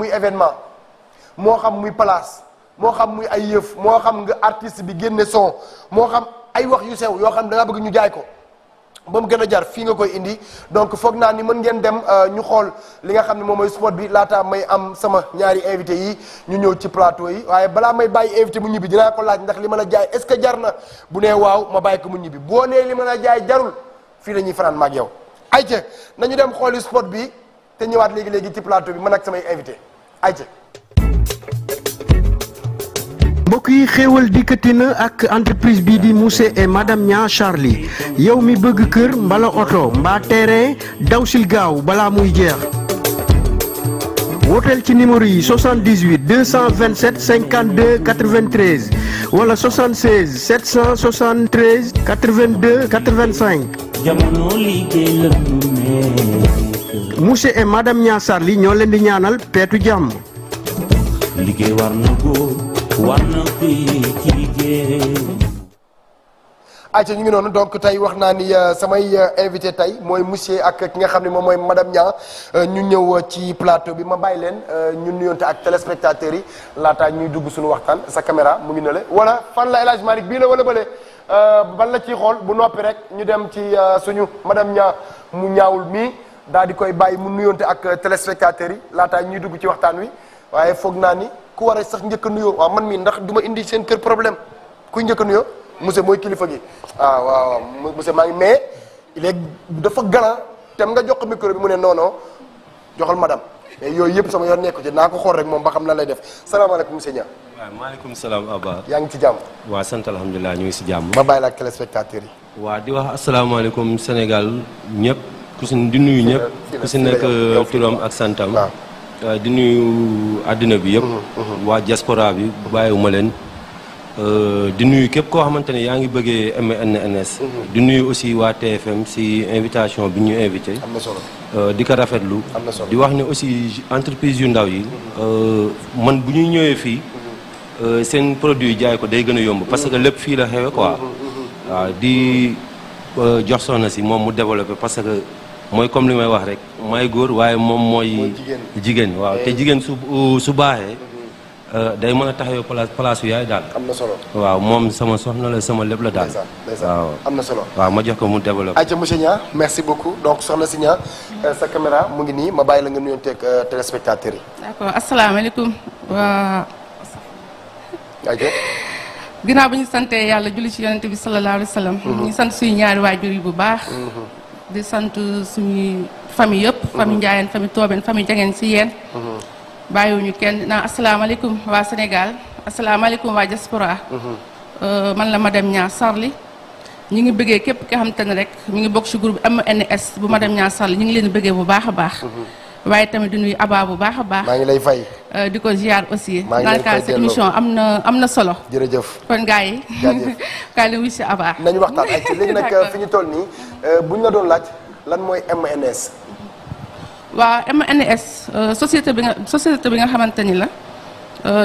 muy événement moo xam muy place moo xam muy ay yëf moo xam nga artiste bi génne son moo xam ay wax yu sew yoo xam ne nga bëgg ñu jaay ko ba mu gën a jar fii nga koy indi donc foog naa ni mën ngeen dem euh, ñu xool li nga xam ne moom mooy sport bi laata may am sama ñaari invité yi ñu ñëw ci plateau yi waaye balaa may bàyyi invité mu ñibbi dinaa ko laaj ndax li ma la jaay est-ce que jar na bu nee waaw ma bàyyi ko mu ñibbi boo nee li ma la jaay jarul fii la ñuy fanaan ma ak yow. ayca nañu dem xooli sport bi te ñëwaat léegi léegi ci plateau bi man ak samay invité. aja mbokk yi xéewal dikkati na ak entreprise bii di monsieur et madame Nia Charlie yow mi bëgg kër mbala oto mbaa terrain daw gaaw balaa muy jeex wooteel ci numéro yi 78 227 52 93 wala 76 773 82 85. jamono liggéey la ñu monsieur et madame Niassar li ñoo leen di ñaanal peetu jàmm. liggéey war na ñu ngi noonu donc tey wax naa ni euh, samay euh, invité tey mooy monsieur ak ki nga xam ne moom mooy madame Niang euh, ñu ñëw ci plateau bi ma bàyyi leen ñu nuyoonte ak téléspectateurs yi laataa ñuy dugg suñu waxtaan sa caméra mu ngi ne wala fan la El Hadj bii la wala bële ban la ciy xool bu noppi rek ñu dem ci suñu madam Niang mu ñaawul mii. daal di koy bàyyi mu nuyonte ak eh, téléspectateurs yi laataa ñuy dugg ci waxtaan wi waaye foog naa ni ku war a sax njëkk nuyoo waaw man mii ndax du ma indi seen kër problème kuy njëkk nuyoo monsieur mooy kilifa gi ah waaw waaw monsieur maa ngi mais il est dafa galant te nga jox ko micro bi mu ne non non joxal madame mais yooyu yëpp sama yoon nekku ci naa ko xool rek moom ba xam lan lay def salaamaaleykum monsieur Niang. waaw maaleykum salaam Abba. yaa ngi ci jàmm. waa sant alhamdulilah ñu ngi si jàmm. ma bàyyi la téléspectateurs yi. waa di wax asalaamaaleykum Sénégal ñëpp. ku si di nuyu ñëpp ku si nekk euh, turam ak santam euh, di nuyu àddina bi yëpp mm-hmm, mm-hmm. waa diaspora bi bàyyiwuma leen euh, di nuyu képp koo xamante ne yaa ngi bëggee MNNS mm-hmm. di nuyu aussi waa TFM si invitation bi ñu invité am na solo di ko rafetlu am na solo di wax ne aussi entreprise yu ndaw yi man bu ñuy ñëwee fii seen produit jaay ko day gën a yomb parce que lépp fii la xewe quoi waaw di jox soxna si moom mu développé parce que mooy comme li may wax rek may góor waaye moom mooy jigéen waaw eh. te jigéen su su baaxee euh, day mën a taxawee place place yaay daal am na solo waaw moom sama soxna la sama lépp la daal waaw am na solo waaw ma jox ko mu développé ayca monsieur merci beaucoup donc soxna si Niang euh, sa caméra mu ngi nii ma bàyyi la nga nuyoon teeg euh, téléspectateurs yi d'accord asalaamaaleykum waa ayca ginnaaw bi ñu santee yàlla julli ci yonente bi sallallahu alayhi wa sallam mm-hmm. ñu sant suñu ñaari waajur yi bu baax mm-hmm. di sant suñuy fami yëpp. famille mhm. Ndiayeen famille Toobeen famille Jangeen si yéen. Mhm. bàyyiwuñu kenn naan asalaamaaleykum waa Sénégal asalaamaaleykum waa diaspora. Mhm. Euh, man la ma dem Nia Sarli. ñu ngi bëggee képp ki xam te ne rek mi ngi bokk ci groupe MNS bu ma dem Nia Sarli ñu ngi leen bëggee bu baax a baax. waaye tamit di nuyu Aba bu baax a baax. maa ngi lay fay. Euh, di ko ziar aussi. maa ngi lay émission am na am na solo. jërëjëf kon gars yi. jaajëf kaay la wuyu si Aba. nañu waxtaan ay ci léegi nag fi ñu toll nii euh, buñ la doon laaj lan mooy MNS. waaw MNS euh, société bi nga société bi nga xamante ni la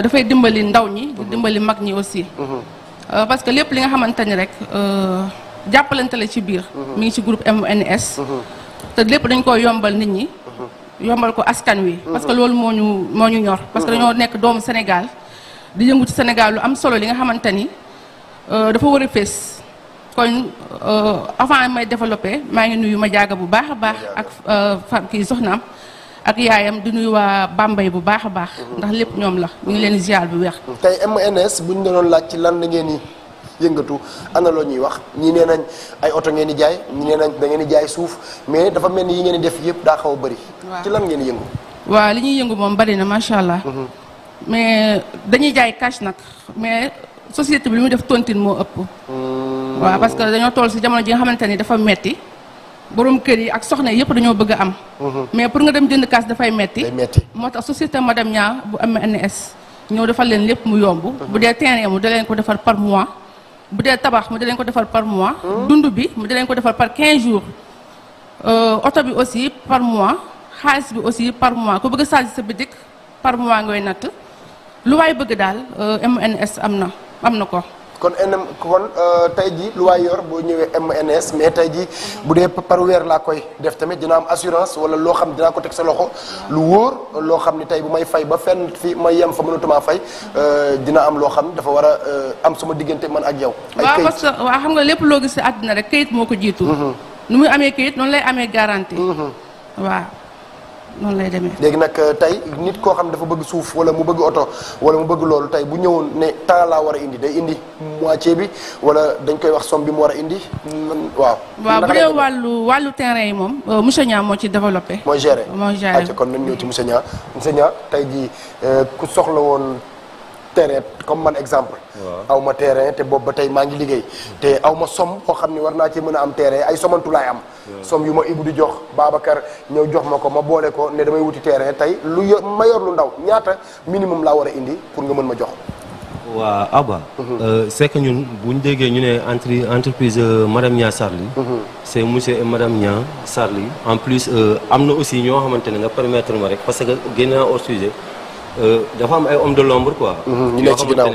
dafay dimbali ndaw ñi. di mhm. dimbali mag ñi aussi. Mhm. parce que lépp li nga xamante ni rek jàppalante la ci biir. Mhm. mi ngi ci groupe MNS. te lépp dañ ko yombal nit ñi. yombal ko askan wi. Mhm. parce que loolu moo ñu moo ñu ñor. parce que mhm. dañoo nekk doomu Sénégal di yëngu ci Sénégal lu am solo li nga xamante ni euh, dafa war a fees kon euh, avant may développé maa ngi nuyu ma jaaga bu baax a baax ak euh, fa kii soxnaam ak yaayam di nuyu waa Bambey bu baax a baax. Mhm. ndax lépp ñoom la ñu ngi leen ziar bu weex. tey MNS buñ la doon laaj ci lan la ngeen nii yëngatu ana loo ñuy wax ñi nee nañ ay oto ngeen di jaay ñi nee da ngeen di jaay suuf mais dafa mel ni yi ngeen di def yëpp daa xaw a bëri ci lan ngeen yëngu waaw li ñuy yëngu moom bari na macha allah mhm. mais dañuy jaay cash nag mais société bi li muy def tontine moo ëpp hmm. waaw parce que dañoo toll si jamono ji nga xamante ni dafa metti borom kër yi ak soxna yëpp dañoo bëgg a am mhm. mais pour nga dem jënd cash dafay metti moo tax société madame ñaa bu am NS ñëw defal leen lépp mu yomb mhm. bu dee terrain mu da leen ko defar par mois bu dee tabax mu di leen ko defal par mois. dund bi mu di leen ko defar par 15 jours. Euh, oto bi aussi par mois xaalis bi aussi par mois ko bëgg a chargé sa bitik par mois ngay natt lu waay bëgg daal euh, MNS am na am na ko. kon NM kon euh, tey jii lu waay yor MNS mais tey jii bu dee par weer laa koy def tamit dina am assurance wala loo xam dinaa ko teg sa loxo lu wóor loo xam ni tay bu may fay ba fenn fi may yam fa mënatumaa fay euh, dina am loo xam dafa war euh, am suma diggante man ak yow. ay kayit waaw parce que xam nga lépp gis rek kayit mhm. kayit lay garantie. Mhm. noonu lay demee léegi nag euh, tey nit koo xam dafa bëgg suuf wala mu bëgg oto wala mu bëgg loolu tey bu ñëwoon ne temps laa war a indi day indi moitié bi wala dañ koy wax somme bi mu war a indi waaw. waaw bu dee wàllu wàllu terrain yi moom euh, monsieur Niang moo ci développé. moo géré moo géré kon nañ ñëw ci monsieur Niang monsieur Niang tey jii euh, ku soxla woon. terrain comme man exemple aw ma terrain te boobu ba tey maa ngi liggéey te aw ma som koo xam ni war naa ci mën a am terrain ay somantu laay am som yu ma ibu di jox Babacar ñëw jox ma ko ma boole ko ne damay wuti terrain tey lu yo ma lu ndaw ñaata minimum laa war a indi pour nga mën ma jox waa Abba mhm. euh, c'est que ñun bu ñu déggee ñu ne entre entreprise euh, madame Nia Sarli mhm. c'est monsieur a madame Nia Sarli en plus euh, am na aussi ñoo xamante ne nga permettre ma rek parce que génn naa hors Euh, dafa am ay homme de l'ombre quoi. Mhm, ñu ne ci ginnaaw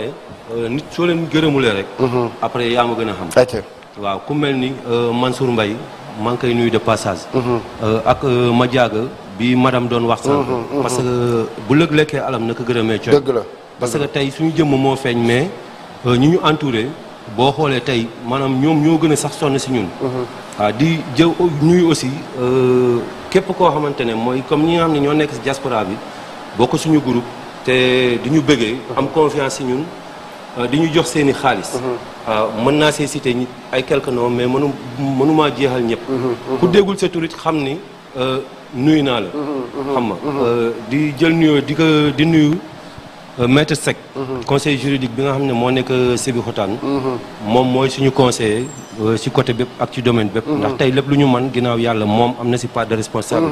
euh, soo leen gërëmulee rek. Mhm. après yaa ma gën a xam. waaw ku mel ni euh, Mansour Mbaye maa ngi koy nuyu de passage. Mhm. ak Madiaga bi madame doon wax. sànq parce que bu lëg lekkee alam naka gërëmee coono. parce que tey suñu jëmm moo feeñ mais ñu ñu enture boo xoolee tey maanaam ñoom ñoo gën a sax sonn si ñun. waaw ah, di jëw ñuy aussi képp koo xamante ne mooy comme ñi xam ne ñoo nekk si diaspora bi. bokk suñu groupe té diñu bëggé am confiance ci ñun euh, diñu jox seen xaaliss xaalis. Mhm. Euh, mën naa see cité ay quelque noms mais mënu mënumaa jeexal ñëpp. Mhm, mhm. ku déggul sa turit xam ni euh, nuyu naa la. xam nga di jël nuyoo di ko di nuyu. Euh, maître sec. Mhm. conseil juridique bi nga ne nek mhm. suñu conseiller euh, côté ak ci domaine bép mhm. ndax tay lepp luñu man ginaaw yalla mom amna ci de responsable.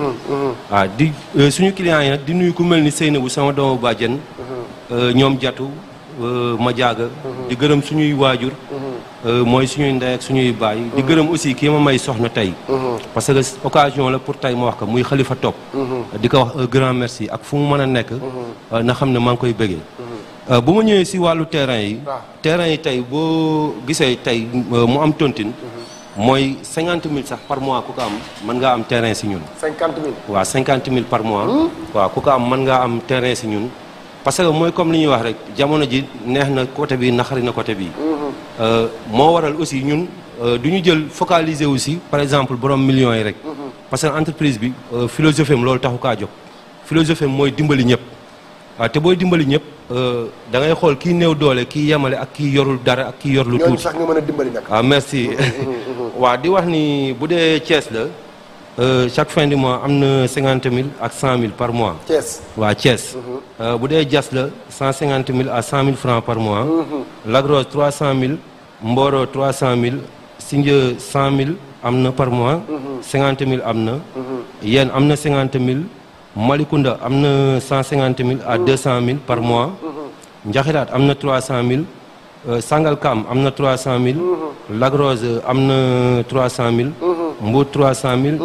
Ah, di euh, suñu client yi nak di nuyu ku melni sama Euh, ma jaaga mm-hmm. di gërëm suñuy waajur mm-hmm. euh, mooy suñuy ndey ak suñuy baay di mm-hmm. gërëm aussi kii ma may soxna tey parce que occasion la pour tey ma wax ko muy xalifa topp di ko wax un grand merci ak fu mu mën a nekk euh, na xam ne maa ngi koy bëggee bu ma ñëwee si wàllu terrain yi ah. terrain yi tey boo gisee tey mu am tontine mooy cinquante mille sax par mois ku ko am mën ngaa am terrain si ñun cinquante mille waaw cinquante mille par mois hmm? waaw ku ko am mën ngaa am terrain si ñun parce que mooy comme li ñuy wax rek jamono ji neex na côté bi naxari na côté bi mhm. euh, moo waral aussi ñun euh, du ñu jël focaliser aussi par exemple borom million yi rek mhm. parce que entreprise bi euh, philosophie loolu taxu kaa jóg philosophie mooy dimbali ñëpp waaw ah, te booy dimbali ñëpp da ngay xool kii néew doole kii yemale ak kii yorul dara ak kii yor lu tuuti sax mën a dimbali nag waaw ah, merci mhm, waa di wax ni bu dee cees la Euh, chaque fin de mois, on a 50 000 à 100 000 par mois. Thiès. Oui, Thiès. Vous 150 000 à 100 000 francs par mois. Lagros, 300 000. Mboro, 300 000. Singe, 100 000 amne par mois. 50 000 amne. mois. Yen, 50 000. Malikunda, 150 000 à 200 mhm. 000 par mois. Mm -hmm. 300 000. Sangalkam, 300 000. 300 000. cent mille Mbour 300000.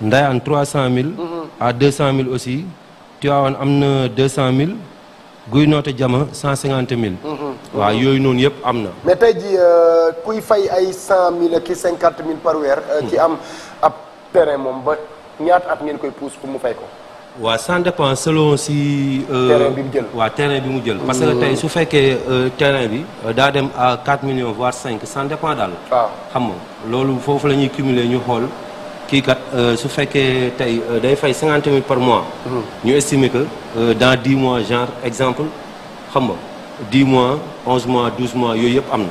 Ndayane 300000. cent mille aussi. Tivaouane am na deux cent 200000. guy noote jama mille mhm. waaw mhm. yooyu noonu yëpp am na. mais tey jii euh, kuy fay ay 100000 ak mille par weer. Euh, ci mhm. am ab terrain moom ba ñaata at ngeen koy pousse pour mu fay ko. wa ça dépend selon si. Euh, terrain bi terrain bi mu jël. parce que tay su le euh, terrain bi euh, da dem à 4 millions voire 5 sans dépend daal. Ah. xam nga lolou fofu lañuy cumuler ñu xol ki kat su fekkee tay day fay 50 000 par mois. Hmm. ñu estimer que dans 10 mois genre exemple xam nga 10 mois 11 mois 12 mois yoy yëpp amna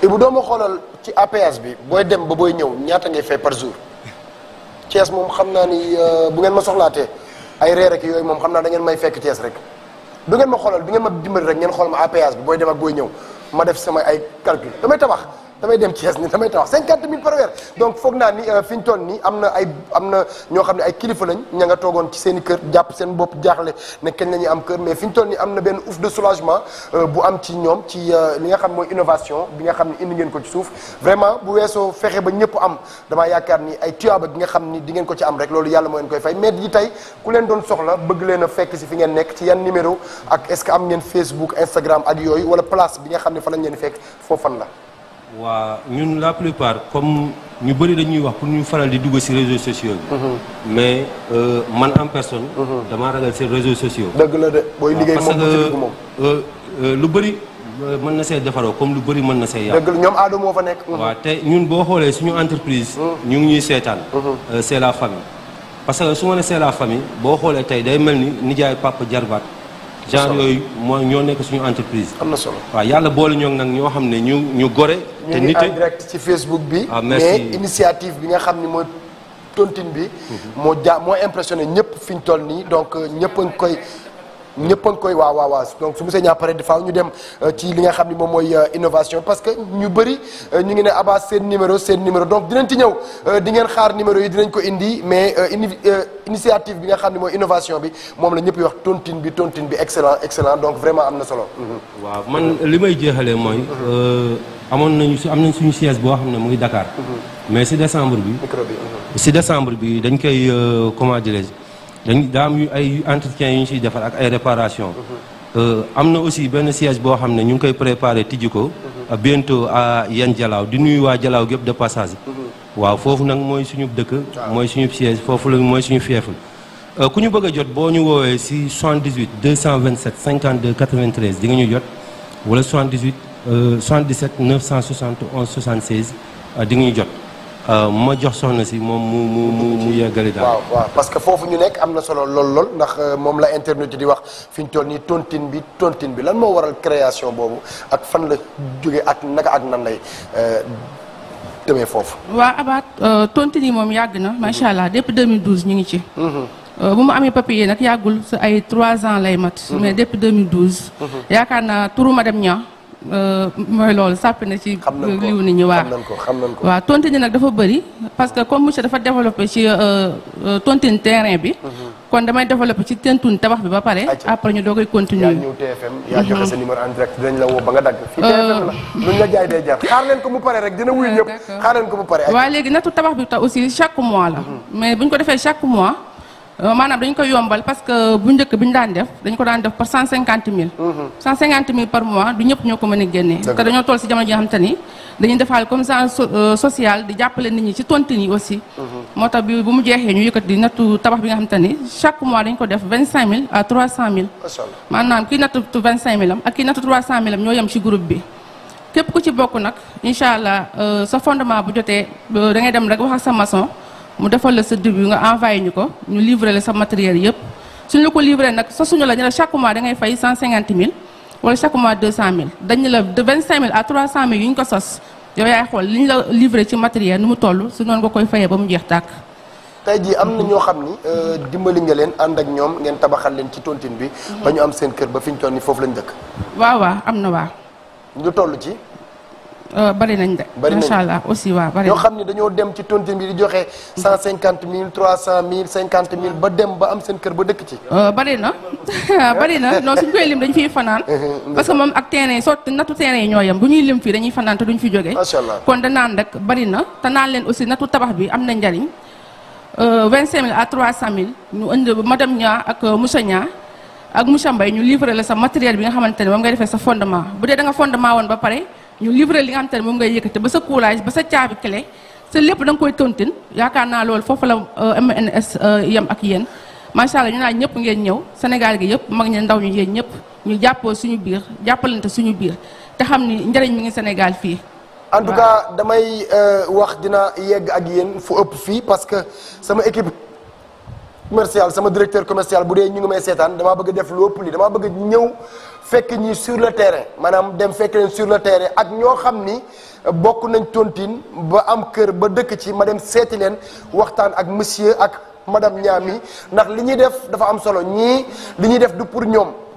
et bu do mo xolal ci APS bi boy dem ba booy ñëw ñaata ngay fay par jour Thiès mom xam naa ni bu ngeen ma soxlaatee. ay reer ak yooyu moom xam naa da ngeen may fekk Thiès rek du ngeen ma xoolal du ngeen ma dimbali rek ngeen xool ma APS bi booy dem ak booy ñëw ma def sama ay calcul damay tabax damay dem Thiès ni damay tawax 50000 par heure donc foog naa ni euh, fi ñu toll nii ay amna ño xamni ay kilifa lañ ña nga toogoon ci seen kër japp seen bop jaxlé ne kañ lañu am kër mais fiñ ton ni amna ben na ouf de soulagement euh, bu am ci ñom ci euh, li nga xam moy innovation bi nga xamni indi ngeen ko ci suuf vraiment bu wesso fexé ba ñepp am dama yaakaar ni ay tuyaaba bi nga xamni di ngeen ko ci am rek lolu yalla moo leen koy fay mais di tay ku leen doon soxla bëgg leen a fekk ci fi ngeen nek ci yan numéro ak est-ce que am ngeen Facebook Instagram ak yoy wala place bi nga xamni fa lañ leen fekk foofu fan la wa ñun la plupart comme ñu bari dañuy wax pour ñu faral di dugg ci réseaux sociaux mhm. mais euh, man en personne. Mhm. dama ragal ci réseaux sociaux. deug la de boy liggéey mom parce que euh, euh, lu bari mën na see defaroo comme lu bari mën na see yàq. deug ñom adu aadama moo fa nekk. Mhm. waaw te ñun bo xolé suñu entreprise. ñu ngi ñuy seetaan. c'est la famille. parce que suma né c'est la famille bo xolé tay day melni ni nijaay papa jarbat genre yooyu mooy ñoo nekk suñu entreprise. am na solo waaw yàlla boole ñoo nag ñoo xam ne ñu ñu gore. te nit ñu direct ci Facebook bi. Ah, mais initiative bi nga xam ni mooy tontine bi. Mhm. moo ja moo impressionné ñëpp fi ñu toll nii donc euh, ñëpp a ngi koy. ñëppoon koy waaw waaw waaw donc su monsieur Niang pare faaw ñu dem euh, ci li nga xam ni moom mooy euh, innovation parce que ñu bëri euh, ñu ngi ne Abba seen numéro seen numéro donc dinañ ci ñëw di ngeen xaar numéro yi dinañ ko indi mais initiative bi nga xam ne mooy innovation bi moom la ñëpp wax tontin bi tontin bi excellent excellent donc vraiment am na solo. Mhm. waaw man li may jeexalee mooy. amoon nañu su am nañ suñu chaise boo xam ne mu ngi Dakar. Mhm. mais si décembre bi. Mhm. si décembre bi dañ koy comment dirais dañ daa am ay entretien yu ñu siy defar ak ay réparation mm-hmm. euh, am na aussi benn siège boo xam ne ñu ngi koy préparé tijji ko mm-hmm. euh, bientôt à yan jalaaw di nuyu waa jalaaw gépp de passage mm-hmm. waaw foofu nag mooy suñu dëkk mooy suñu siège foofu la mooy suñu feeful euh, ku ñu bëgg a jot boo ñu woowee si 78 227 52 93 di nga ñu jot wala 78 77 971 76 di nga ñu jot Euh, ma jox soxna si moom mu mu mu mu yeggali daal. waaw parce que foofu ñu nekk am na solo lool lool ndax euh, moom la internet di wax fi toll nii tontin bi tontin bi lan moo waral création boobu ak fan la jóge ak naka ak nan lay euh, demee foofu. waaw abaat tontine yi moom yàgg na macha mhm. allah depuis 2012 ñu ngi ci. Mhm. bu mu amee papier nag yàggul sa ay 3 ans lay mat. Mhm. mais depuis 2012. yaakaar naa turu madame Niang. Euh, mooy loolu sàpp na ci liw ni ñi waa waaw tontine nag dafa bëri parce que comme monsieur dafa développé ci euh, euh, tontine terrain bi mhm. kon damay développé ci tentun tabax bi ba pare après ñu doogay continuer yaa ñëw TFM yaa joxe mhm. sa numéro en direct dinañ la woo ba nga dagg la luñ la jaay day jar xaar leen ko mu pare rek dina wuyu ñëpp xaar leen ko mu pare waaw léegi nattu tabax bi ta aussi chaque mois la mhm. mais buñ ko defee chaque mois Euh, maanaam dañ koy yombal parce que bu njëkk bi ñu daan def dañ ko daan def par cent cinquante mil mhm. cent cinquante mille par mois du ñëpp ñoo ko mën a génne te dañoo toll si jamono ji nga xam te ni defaal comme genre euh, di jàppale nit ñi ci tontine yi aussi mhm. moo tax bi bu mu jeexee ñu yëkkati di nattu tabax bi nga xam te ni chaque mois dañ ko def vingt cinq mille à trois cent mille maanaam kii nattu vingt cinq mille am ak kii nattu trois cent mille am ñoo yem si groupe bi képp ku ci bokk nag incha allah euh, sa fondement bu jotee da dem rek wax ak mu defal la sa début nga envoyé ñu ko ñu livré la sa matériel yëpp suñu la ko livré nag sa suñu la ñu ne chaque mois da ngay fay cinquante mille wala chaque mois 200 000 dañu la de 25 000 à 300 000 yu ñu ko sos yow yaay xool li ñu la livré ci matériel nu mu toll su noonu nga koy fayee ba mu jeex tàkk. tey ji am na ñoo xam ni euh, dimbali nga leen ànd ak ñoom ngeen tabaxal leen ci tontine bi. Mhm. ba ñu am seen kër ba fi ñu toll nii foofu lañ dëkk. waaw waaw am na waaw. toll ci. Eh, bari nañ de. bari allah aussi waaw bari ñoo xam ne dem ci tontine bi di joxe. cent cinquante mille trois cent mille cinquante mille ba dem ba am seen kër ba dëkk ci. Eh, bari na bari na non suñ koy lim dañ fiy fanaan. parce que moom ak terrain soo natu terrain yi ñoo yem bu ñuy lim fii dañuy fanaan te duñ fi jóge. macha allah kon danaan rek bari na te naan leen aussi natu tabax bi am na njariñ eh, vingt cinq mille à trois cent mille ñu indi madame Nia ak monsieur Nia. ak monsieur Mbaye ñu livré la sa matériel bi nga xamante ne ngay defee sa fondement bu dee da nga fondement woon ba pare. ñu livré li nga xam te ne moom ngay yëkkati ba sa coulage ba sa caabi clé sa lépp da koy tontin yaakaar naa loolu foofu la euh, MNS euh, yem ak yéen macha allah ñu naan ñëpp ngeen ñëw Sénégal gi yëpp mag ñi ndaw ñu yéen ñëpp ñu jàppoo suñu biir jàppalante suñu biir te xam ni njëriñ mi ngi Sénégal fii. en tout cas damay euh, wax dina yegg ak yéen fu ëpp fii parce que sama équipe. commercial sama directeur commercial bu dee ñu ngi may seetaan dama bëgg def lu ëpp lii damaa bëgg ñëw. fekk ñi sur le terrain maanaam dem fekk leen sur le terrain ak ñoo xam ni euh, bokk nañ tontin ba am kër ba dëkk ci ma dem seeti leen waxtaan ak monsieur ak madame Niami ndax li ñuy def dafa am solo ñii li ñuy def du pour ñoom.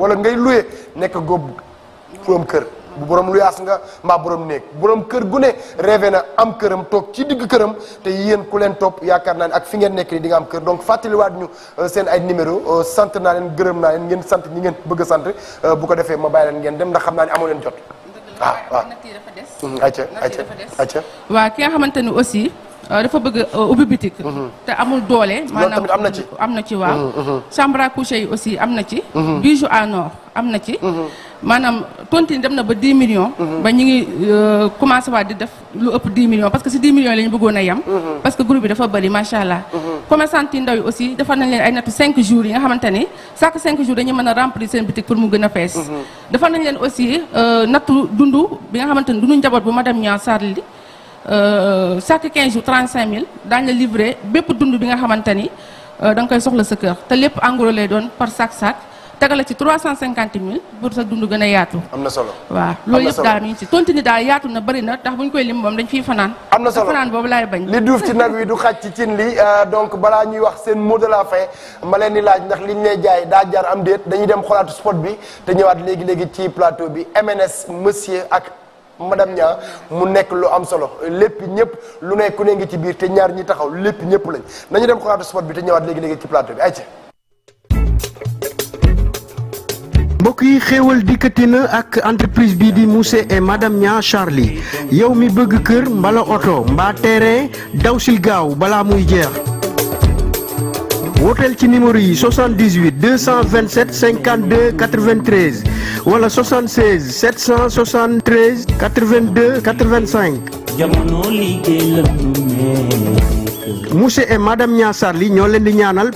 wala ngay luye nekk góob borom kër bu borom luyaas nga mbaa borom néeg boroom kër gu ne rêvé na am këram toog ci digg këram te yéen ku leen topp yaakaar naa ne ak fi ngeen nekk dinga am kër donc fàttaliwaat ñu euh, seen ay numéro euh, sant naa leen gërëm naa leen ngeen sant ñi ngeen bëgg sant euh, bu ko defee ma bàyyi leen ngeen dem ndax xam naa ne amoo leen jot. ah waaw natt yi dafa acca acca acca waaw ki nga aussi. Euh, dafa bëgg euh, ubbi bitik mhm. te amul doole maanaam am na ci am na ci waaw mhm, mhm. chambre à coucher yi aussi am na ci bijou en or am na ci maanaam tontine dem na ba 10 millions ba ñu ngi euh, commencé waat di def lu ëpp 10 millions parce que si 10 millions la ñu bëggoon a yem parce que groupe bi dafa bëri macha allah commerçante yi ndaw yi aussi defar nañ leen ay nattu 5 jours yi nga xamante ni chaque 5 jours dañuy mën a remplir seen boutique pour mu gën a fees defar nañ leen aussi bi nga xamante ni dundu njaboot bu madame Niang Sarli chaque euh, 15 jours 35000 daañu la livrer bépp dund bi nga xamante ni euh, da nga koy soxla sa kër te lépp en gros lay doon par sac-sac tegale ci 350000 pour sa dund gën a yaatu. am na solo waa loolu yëpp daal mi ngi ci tontu ni daal yaatu na bëri na ndax bu ñu koy lim moom dañ fiy fanaan. am na solo fanaan boobu laay bañ. li duuf ci nag wi du xaj ci cin li euh, donc balaa ñuy wax seen mot de fin ma leen di laaj ndax li liñ lay jaay daa jar am déet dañuy dem xolaatu spot bi te ñëwaat léegi léegi ci plateau bi MNS monsieur ak. madame Nia mu nekk lu am solo lépp ñëpp lu nekk ne ngi ci biir te ñi taxaw lépp ñëpp lañ nañu dem xoolaatu sport bi te ñëwaat léegi léegi ci plateau mbokk yi xéewal dikkati na ak entreprise bii di monsieur et madame Nia Charlie yow mi bëgg kër mbala oto mbaa terrain daw sil gaaw balaa muy jeex. Hôtel ci 78 227 52 93 Voilà, 76 773 82 85. jamono et madame Niassar li ñoo leen di ñaanal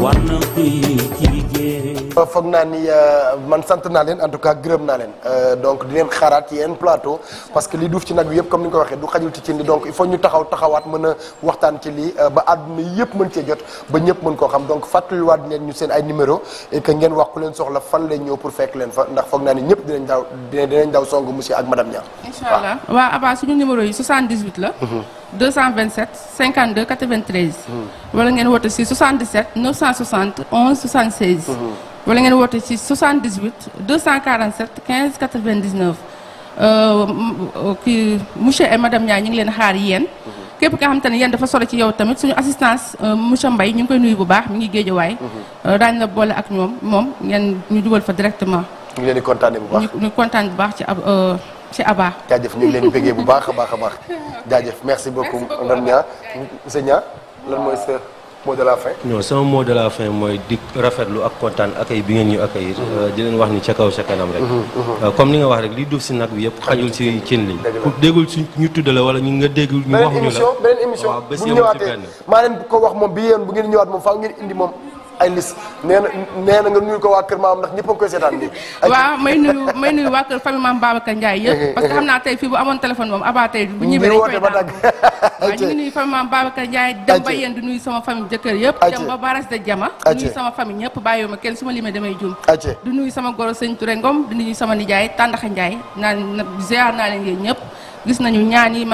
war foog naa ni euh, man sant naa leen en tout cas gërëm naa leen euh, donc di leen xaaraat yeneen plateau parce que li duuf ci nag bi yëpp comme ni nga ko waxee du xajul ci cin li donc il faut ñu taxaw taxawaat mën a waxtaan ci lii euh, ba àdduna yëpp mën cee jot ba ñëpp mën koo xam donc fàttaliwaat leen ñu seen ay numéro et ngeen wax ku leen soxla fan lañ ñëw pour fekk leen fa ndax foog naa ni ñëpp dinañ daw dinañ daw song monsieur ak madame Niang. incha allah suñu numéro yi 227 52 93. wala ngeen woote ci 77 960 11 76. wala ngeen si woote ci 78 247 15 99. kii monsieur et madame Ndiaye ñu ngi leen xaar yéen. képp nga xam te ne yéen dafa sore ci yow tamit suñu assistance euh, monsieur mbay ñu ngi koy nuyu bu baax mu ngi géejawaay. Euh, daañu la boole ak ñoom moom ngeen ñu dugal fa directement. ñu ngi leen di kontaanee bu baax ñu kontaan bu baax ci ab. Euh, ci Aba. jaajëf ñu ngi leen bëggee bu baax a baax a baax jaajëf merci beaucoup Ndane Niang monsieur Niang lan mooy sa mot de la fin. non sama mot de la fin mooy di rafetlu ak kontaan accueil bi ngeen ñu accueillir. Euh, di leen wax ni ca kaw ca kanam rek. Mm-hmm, mm-hmm. Euh, comme ni nga wax rek li duuf si nag bi yëpp xajul si cin li. ku déggul si ñu tudd la wala ñu nga déggul ñu wax ñu la beneen bu ñëwaatee maa leen ko wax moom bi yéen bu ngeen ñëwaat moom faaw ngeen indi moom ay liste nee na nee na nga nuyu ko waa kër maam ndax ñëpp a koy seetaan nii. waaw may nuyu may nuyu waa kër famille maam Babacar Ndiaye yëpp. Eh, eh, parce que xam eh. naa tey fii bu amoon téléphone moom abaa tey bu ñëwee dañ koy daan waaw ñu nuyu sama famille jëkkër yëpp dem ba jama di nuyu sama famille ñëpp bàyyi kenn su ma limee damay juum di nuyu sama goro sëñ Touré Ngom nuyu sama nijaay Tàndaxa Ndiaye naan ziar naa leen yéen ñëpp gis nañu ñaan yi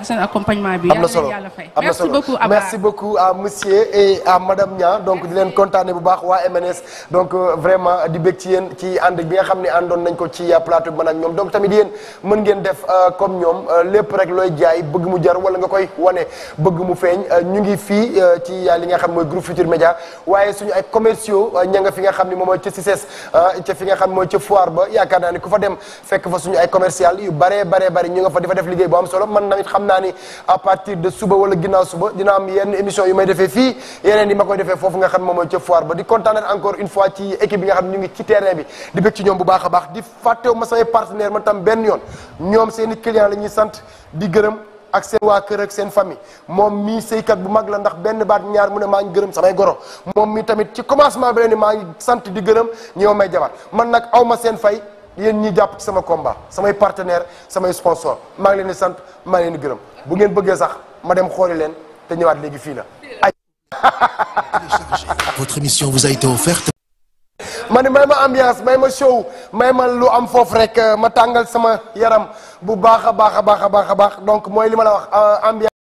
gis nañu accompagnement bi. am na solo am na solo merci beaucoup Abba merci beaucoup à monsieur et à bu baax waa MNS donc euh, vraiment di bég ci yéen ci ànd bi nga xam ne àndoon nañ ko ci euh, plateau bi man ak ñoom donc tamit yéen mën ngeen def euh, comme ñoom lépp rek looy jaay bëgg mu jar wala nga koy wane bëgg mu feeñ ñu ngi fii ci li nga xam mooy groupe Futur Média waaye suñu ay commerciaux ña nga fi nga xam ne moom mooy ca CICES ca fi nga xam mooy ca ku fa dem fekk fa suñu ay commercial yu baree baree bari ñu nga fa def liggéey bu am solo man tamit xamna ni à partir de suba wala ginnaaw suba dina am yenn émission yu may defé fi yeneen yi makoy defé fofu nga xam ne ci mooy foire ba di kontaan encore une fois ci équipe bi nga xam ñu ngi ci terrain bi di bëc ci ñom bu baaxa baax di fàttewu ma samay partenaire man tam ben yoon ñom seen client la ñuy sant di gëreum ak seen waa kër ak seen famille mom mi mii kat bu mag la ndax ben baat ñaar mu ne ma ngi gëreum samay goro mom mi tamit ci commencement bi leen ni ngi sante di gërëm ñëw may jabar man nak awma seen fay yéen ñi japp ci sama combat samay partenaire samay sponsor ma ngi leen di sante ma leen di gërëm bu ngeen bëggee sax ma dem xooli leen te ñëwaat léegi fii la votre émission vous a été offerte ma ne may ma ambiance may ma show may ma lu am foofu rek ma tàngal sama yaram bu baax a baax a baax a baax a baax donc mooy li ma la wax euh, ambiance